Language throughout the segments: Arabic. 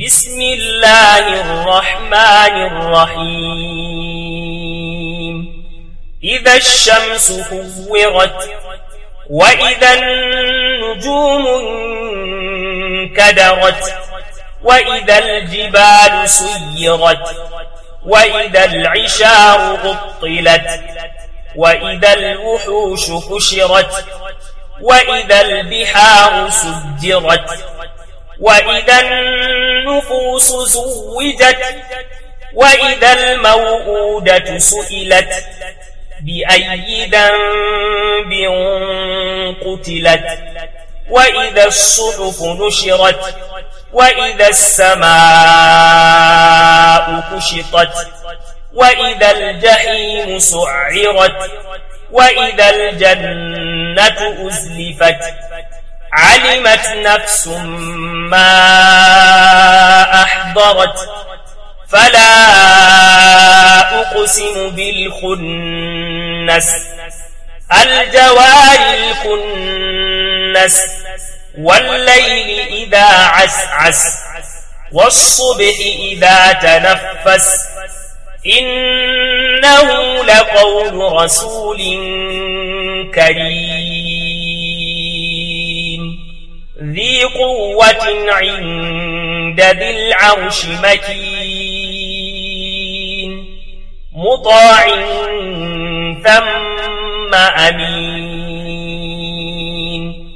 بسم الله الرحمن الرحيم إذا الشمس كورت وإذا النجوم انكدرت وإذا الجبال سيرت وإذا العشار غطلت وإذا الوحوش حشرت وإذا البحار سجرت وإذا النفوس زوجت وإذا الموءودة سئلت بأي ذنب قتلت وإذا الصحف نشرت وإذا السماء كشطت وإذا الجحيم سعرت وإذا الجنة أزلفت علمت نفس ما أحضرت فلا أقسم بالخنس الجوار الكنس والليل إذا عسعس والصبح إذا تنفس إنه لقول رسول كريم ذي قوة عند ذي العرش مكين مطاع ثم أمين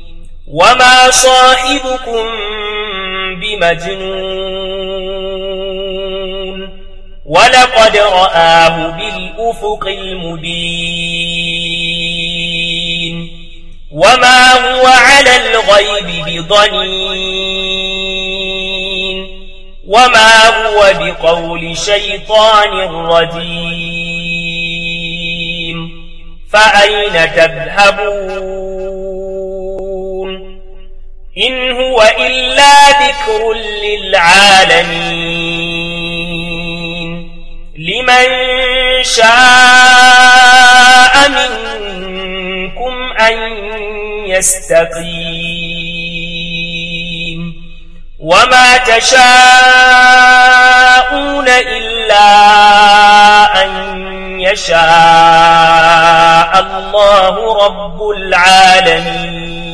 وما صاحبكم بمجنون ولقد رآه بالأفق المبين وما هو على الغيب بضنين وما هو بقول شيطان رجيم فأين تذهبون إن هو إلا ذكر للعالمين لمن شاء يستقيم وما تشاءون إلا أن يشاء الله رب العالمين